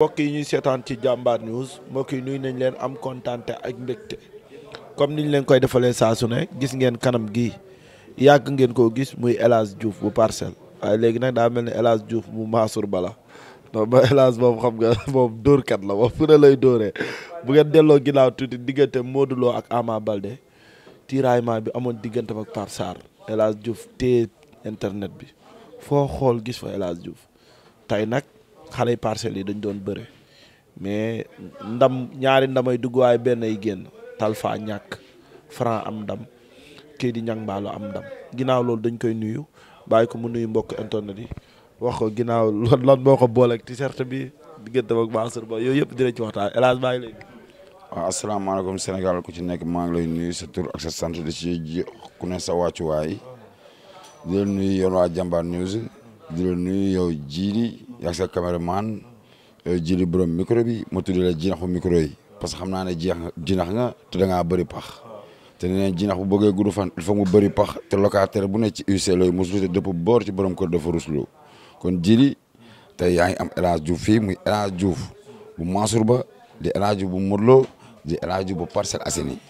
mbokk yi ñuy seetaan ci jàmbaar news mbokk yi nuyu nañ leen am kontaan ak mbégte comme niñ leen koy defalee saa su ne gis ngeen kanam gi yàgg ngeen ko gis muy El Hadj bu parcelle waaye léegi nag daa mel ne El Hadj Diouf bu Mansour Bala donc ba El Hadj moom xam nga moom dóorkat la moom fu ne lay dóoree bu ngeen delloo ginnaaw tuuti diggante Modou Lo ak Ama Balde tiraillement bi amoon diggante ak Par Sarr El Hadj Diouf internet bi foo xool gis fa El Hadj tey nag. xale yi parcelles yi dañ doon bëre mais ndam ñaari ndamay dugg waaye benn ay génn Talfa ñàkk Franc am ndam kii di ñang mbaalu am ndam ginnaaw loolu dañ koy nuyu bàyyi ko mu nuyu mbokk internet yi wax ko ginnaaw lan lan moo ko booleeg t-shirt bi diggante ak Mansour Ba yooyu yëpp dina ci waxtaan El Hadj bàyyi léegi. waaw asalaamaaleykum Sénégal ku ci nekk maa ngi lay nuyu sa tur ak sa sant di ci ji ku ne sa wàccuwaay di leen nuyu yoon waa Jambaar News di leen nuyu yow jiidi yaa sa caméraman euh, jili borom micro bi ma tudd la jinaxu micro yi parce que xam naa ne jeex jinax nga te da bëri pax te nee nañ jinax bu bëggee gudd fan il faut mu bëri pax te locataire bu ne ci UC looyu mosu te dëpp boor ci borom kër dafa rusloo kon jili te yaa ngi am El Hadj Diouf fii muy El Hadj Diouf bu Mansour Ba di El Hadj bu Modou Lo di El Hadj Diouf bu Parcelles Assainies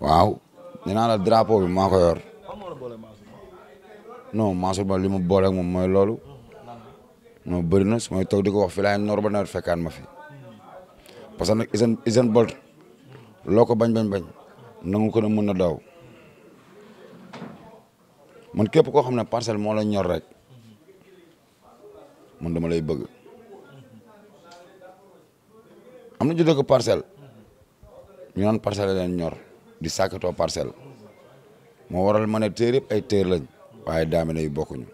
waaw nee naa la drapeau bi maa ko yor non Ba li mu boole ak moom mooy loolu non bëri na su may toog di ko wax fi laay noor ba nawet fekkaan ma fi parce que nag Usain Usain Bolt loo ko bañ bañ bañ nangu ko ne mën na daw mën képp koo xam ne parcelle moo la ñor rek mën dama lay bëgg am na ju dëkk parcelle ñu naan leen ñor di sàkkatoo parcelle moo waral ma ne téer yëpp ay téer lañ waaye na yu bokkuñu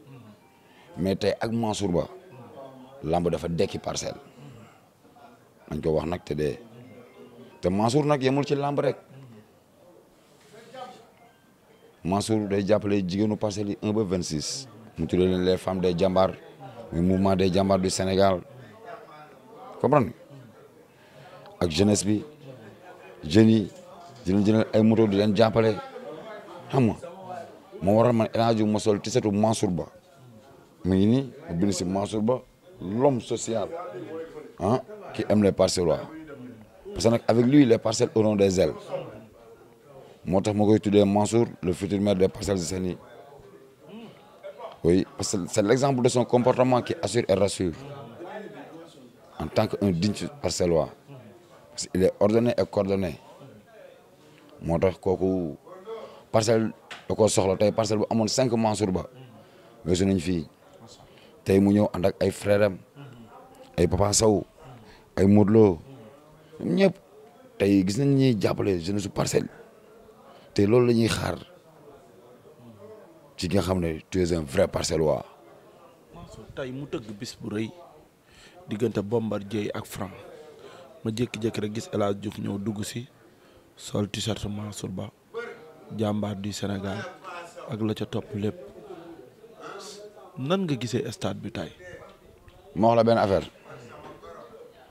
mais tey ak Mansour Ba lamb dafa dekki parcelle dañ ko wax nag te dee te Mansour nag yemul ci lamb rek Mansour day jàppale jigéenu parcelles yi 1 ba 26 mu tuddee leen les femmes des jàmbaar muy mouvement des jàmbaar du Sénégal comprendre ak jeunesse bi jeunes yi di leen jëndal ay moto di leen jàppale xam nga moo waral man El Hadj Mosol ti setu Mansour Ba. mu ngi nii Mansourba, Mansour l'homme social hein, qui aime les parcellois parce qu'avec avec lui les parcelles auront des ailes Moi, tax ma Mansour le futur maire des Parcelles Assainies oui parce que c'est l'exemple de son comportement qui assure et rassure en tant qu'un digne parcellois Il est ordonné et coordonné moo tax kooku parcelle da koo soxla tey parcelle bu amoon cinq Mansour Ba weesu tey mu ñëw ànd ak ay frère am ay Papa ay Modou Lo ñoom ñëpp tey gis nañ ñuy jàppale jeunesse su parcelle te loolu la ñuy xaar ci nga xam ne tu es un vrai tey mu tëgg bis bu rëy diggante Bombardier ak Franc ma jékki-jékki gis El Hadj Diouf ñëw dugg si sol t-shirt Mansour Ba jàmbaar du Sénégal ak la ca topp lépp. nan nga gise stade bi tay ma wax la benn affaire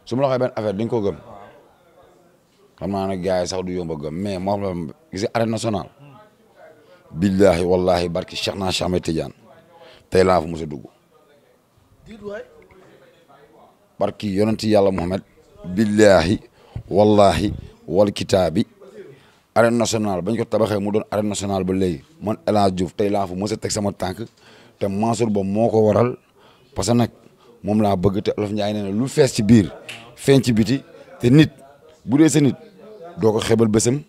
su ma la benn affaire dañ ko gëm xam naa nag gars yi sax du yomb a gëm mais ma wax la gisee arène nationale. billahi wallahi barki Cheikh naa Cheikh Ahmed Tidiane tey laa fa mos a dugg. barki yonenti yàlla Muhammad billahi wallahi wal kitaabi arène nationale bañ ko tabaxee mu doon arène national ba léegi man El Hadj Diouf tey laa fa mos a teg sama tànk. te Mansour ba moo ko waral parce que nag moom laa bëgg te Olof Ndiaye nee na lu fees ci biir feen ci biti te nit bu dee sa nit doo ko xebal bésam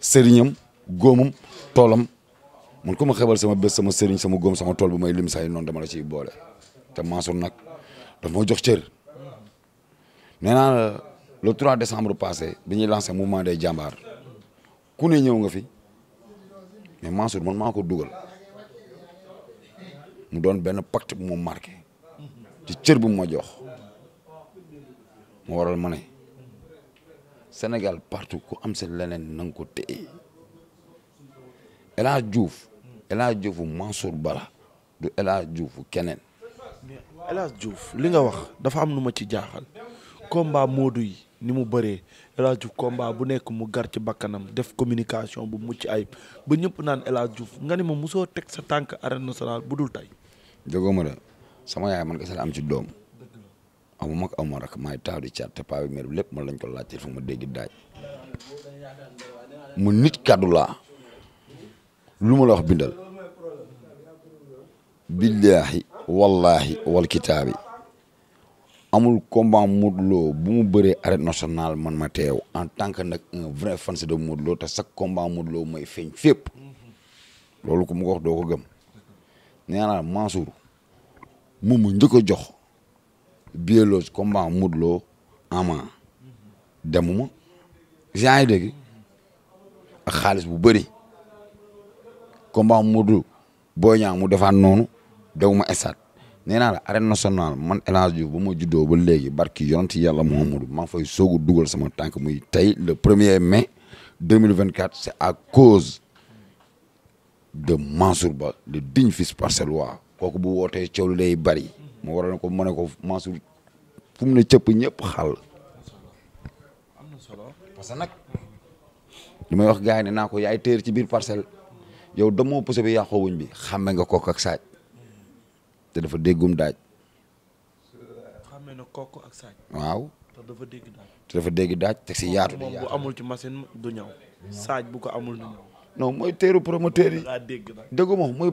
seriñam góomam toolam mun ko ma xebal sama bés sama sëriñ sama góom sama tool bu may lim saa yi noonu dama la ciy boole te Mansour nag daf moo jox cër nee naa la le 3 décembre passé bi ñuy lancé mouvement des jàmbaar ku ñëw nga fi mais Mansour man maa ko dugal. mu doon benn pacte bu mu marqué ci cër bu ma jox mu waral ma ne Sénégal partout ku am sa leneen na nga ko téye El Hadj Diouf El Hadj Diouf Bala du El Hadj keneen. mais El li nga wax dafa am nu ma ci jaaxal combat Modou yi ni mu bëree El Hadj Diouf combat bu nekk mu gar ci bakkanam def communication bu mucc ayib ba ñëpp naan El Hadj nga ne ma mosoo teg sa tànk arène nationale bu dul tey. déggoo ma sama yaay man kese la am ci doom amu mag amu ma rak maay di caat te paa bi mère bi lépp man lañ ko laajte fu ma dégg daaj mu nit kàddu laa lu ma la wax bindal billaahi wallaahi wal kitaabi amul combat Modou Lo bu mu bëree arène nationale man ma teew en tant que nag un vrai fan de Modou Lo te chaque combat Modou Lo mooy feeñ fépp loolu ku mu ko wax doo nee Mansour moom mu njëkk jox bielose combat Modou Lo Ama demuma yaa ngi dégg ak xaalis bu beuri combat Modou Boy mu defan noonu dewuma estat nee naa la arène nationale man El Hadj Diouf juddo ba léegi barki yonti yalla mohamoud ma fay sogu dugal sama tank muy tay le 1er mai 2024 c'est à cause de Mansour Ba le digne fils parcellois kooku bu wootee coow lu day bari mu waroon ko mu ne ko Mansour fu mu ne cëpp ñëpp xal am na solo parce que nag li may wax gars yi ne naa ko yaay téer ci biir parcelle yow damoo posé bi yàqoo wuñ bi xàmme nga kook ak saaj te dafa déggum daaj. xàmme na kook ak saaj. te dafa dégg daaj. te dégg daaj te si yaatu. di yaatu saaj bu ko amul du non mooy teeru promoteur yi déggu ma mooy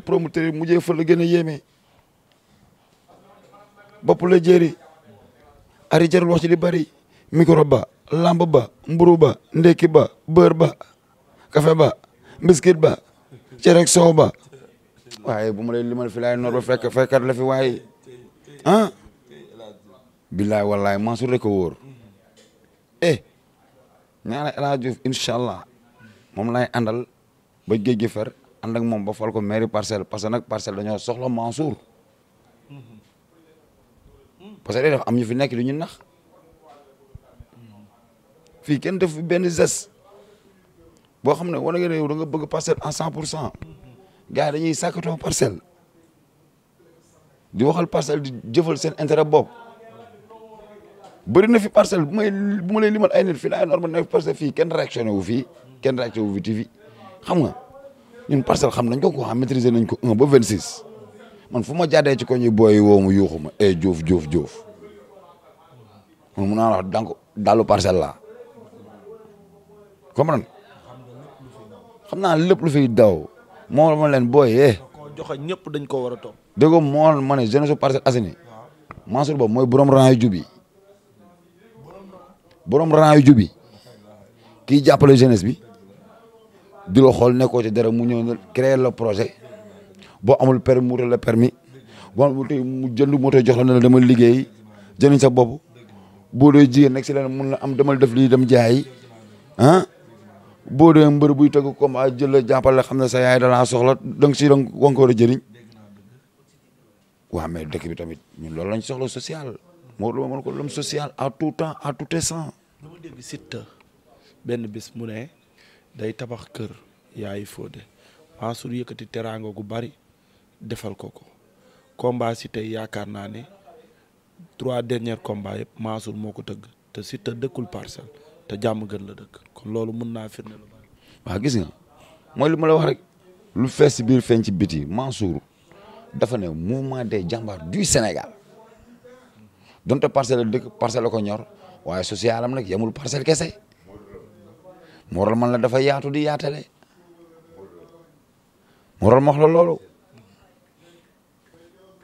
promoteur yi mujjee fa la gën a yéeme bopp la ari jarul wax ci di bari micro ba lamb ba mburu ba ndekki ba bër ba kafe ba biscuit ba cere ak soow ba waaye bu ma lay limal fi laay noor ba fekk la fi waaye ah billaay wallaay Mansour rek ko wóor eh ñaana El Hadj Diouf allah moom laay àndal ba géej gi fer ànd ak moom ba fal ko mairie parcelle parce que nag parcelle dañoo soxla Mansour parce que day def am ñu fi nekk du ñu nax fii kenn def benn geste boo xam ne wane nga ne yow da nga bëgg parcelle en cent pour cent gars yi dañuy sàkkatoo parcelle di waxal parcelle di jëfal seen intérêt bopp bëri na fi parcelle bu may bu ma lay limal ay nit fi laay normal na fi parcelle fii kenn réactionné wu fii kenn réactionné wu fi TV xam nga ñun parcelle xam nañ ko quoi maîtriser nañ ko 1 ba 26 man fu ma jaadee ci ko ñu booy woo mu yuuxu ma eh Diouf Diouf Diouf man wax donc dalu parcelle la comprendre xam naa lépp lu fi daw moo ma leen booyee. Eh. koo joxe ñëpp dañ koo war a topp. dégg nga moo ma ne jeunesse Parcelles Assainies Mansour Ba mooy borom rang yu jub borom rang yu jubi kii jàppale jeunesse bi di xool nekkoo ci dara mu ñëw ne créer le projet boo amul permis mu wutal la permis boo amul tey mu jënd moto jox la ne la liggéey jëriñ sa bopp boo dee jigéen nag si la mun la am demal def lii dem jaayi ah boo dee mbër buy tëgg kom a jël la jàppale la xam ne sa yaay dalaa soxla donc si donc wankoor a jëriñ waaw mais bi tamit ñun loolu lañ soxla social moo lu ma ko lom social à tout temps à tout instant dama dégg Siteu benn bis mu ne day tabax kër yaay Fodé Mansour yëkkati teraanga gu bari defal ko ko combat Siteu yaakaar naa ne trois derniers combats yëpp Mansour moo ko tëgg te Siteu dëkkul parcelle te jàmm gën la dëkk kon loolu mun naa firnde lu bari. waa gis nga mooy li ma la wax rek. lu fees ci biir feeñ ci biti Mansour dafa ne mouvement de jàmbaar du Sénégal donte parcelle dëkk parcelle la ko ñor. waaye social am nag yamul parcelle kese moo waral man la dafa yaatu di yaatale moo waral ma la loolu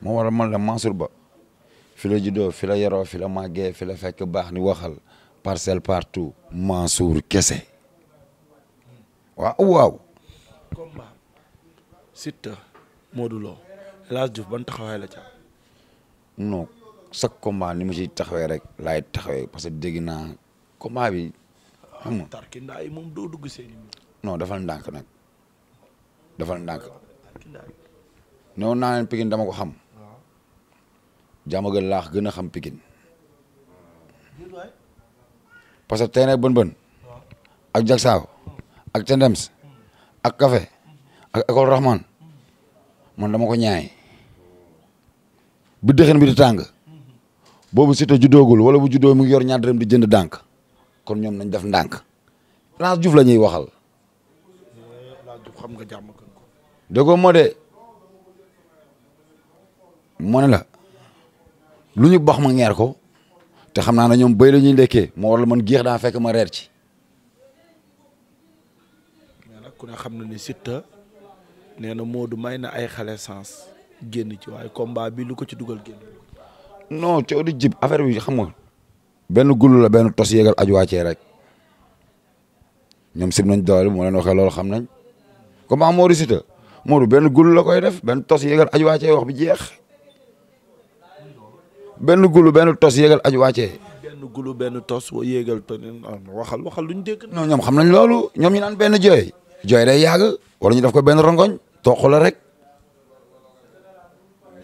moo waral man la Mansour Ba fi la juddoo fi la yaroo fi la màggee fi la fekk baax ni waxal parcelle partout Mansour kese waaw waaw. combat Siteu Modou Lo El Hadj Diouf ban taxawaay la ca. non. chaque combat ni mu ci taxawee rek laay taxawee parce que dégg naa combat bi xam nga. tarkindaa yi dafal ndànk nag dafal ndànk néew naa leen dama ko xam. jàmm gën laax gën a xam Pikine parce que tey nag ak jagsaaw ak tendems hmm. ak café ak école Rahman hmm. man dama ko ñaay bu dëxën bi di tàng boobu Siteu juddoogul wala bu juddoo mu ngi yor ñaar dërëm di jënd ndànk kon ñoom nañ def ndànk Lac Diouf la ñuy waxal. Lac Diouf xam nga jàmm ko. déggoo moo de moo ne la lu ñu bax ma ngeer ko te xam naa ne ñoom bay la ñuy ndekkee moo war man géex daa fekk ma reer ci. mais nag ku ne xam na ni Siteu nee na Modou may na ay xale génn ci waaye combat bi lu ko ci dugal génn. non coow di jib affaire bi xam nga benn gulu la benn tos yéegal aju wàccee rek ñoom sib nañ doole moo leen waxee loolu xam nañ comment Modou Siteu Modou benn gulu la koy def benn tos yéegal aju wàccee wax bi jeex benn gulu benn tos yéegal aju wàccee. benn gulu benn tos yéegal te ah, waxal waxal luñ dégg. non ñoom xam nañ loolu ñoom ñu naan benn jooy. jooy day yàgg wala ñu def ko benn rongoñ toq la rek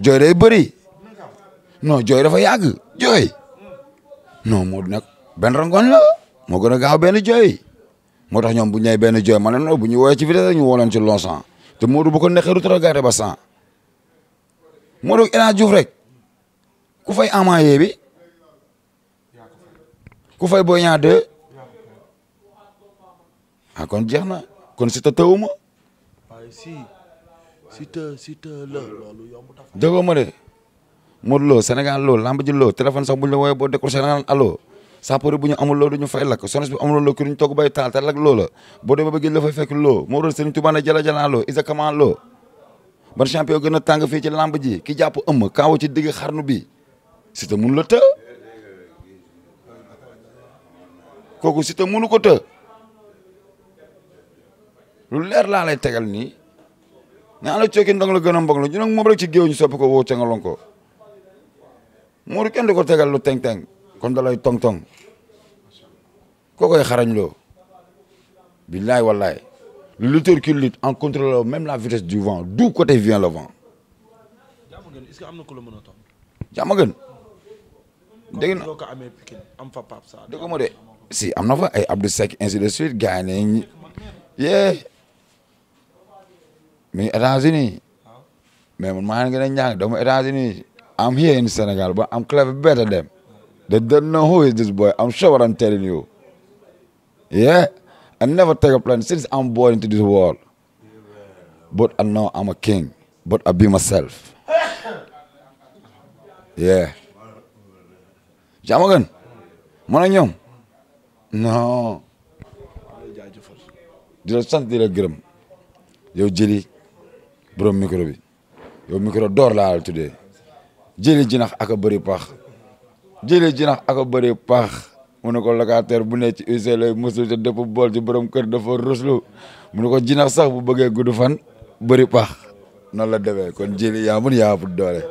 jooy day bëri. noo jooy dafa yàgg jooy non Modou nag benn rangoon la moo gën a gaaw benn jooy moo tax ñoom bu ñu benn jooy ma ne bu ñu woowee ci vitesse ñu woo leen ci lonsan te Modou bu ko neexee du trop gàtte ba sang Modou El Hadj Diouf rek ku fay Ama yee bi ku fay Boy Niang 2 ah, kon jeex na kon si tewuma waaye si si te si dëggoo ma de. Modou Lo Sénégal kan lo lamb ji lo téléphone sax buñ la woowee bo dekk senegal kan allo sapeur bu amul lo duñu fay lak sonos bi amul lo ki duñu togg bay taal te lo la bo dem ba gën la fay fekk lo mo do Serigne Touba na jala lo isa kama lo ban champion gëna a fi ci lamb ji ki jàpp ëmm wo ci digg xarnu bi si te la te koku te ko te lu leer la lay tegal ni na la cooki ndong la gëna mbok mbog la ñu nak moom rek ci ñu ko wo ci nga ko Modou kenn du ko tegal lu teng-teng kon dalay tong-tong koo koy xarañ billaay wallaay le lutteur qui lutte en contrôlant même la vitesse du vent d'où côté vient le vent. est-ce que am na la mën a toog. ko de si am fa ay Abdou Seck ainsi de suite gars yi mais États-Unis ah. mais man maa qui ñaan I'm here in Senegal, but I'm clever better than them. They don't know who is this boy. I'm sure what I'm telling you. Yeah? I never take a plan since I'm born into this world. But I know I'm a king. But I be myself. Yeah. Jamagan. Man ak ñoom. Non. di la sant di la gërëm. yow jëli borom micro bi. yow micro door laa la tuddee. jëlee jinax ak a bëri paax jëlee jinax ak a bëri paax mu ne ko locataire bu ne ci UC lay musul te dëpp bool ci borom kër dafa ruslu mu ne ko jinax sax bu bëggee gudd fan bëri paax noonu la demee kon jëli yaa mun yaa ëpp doole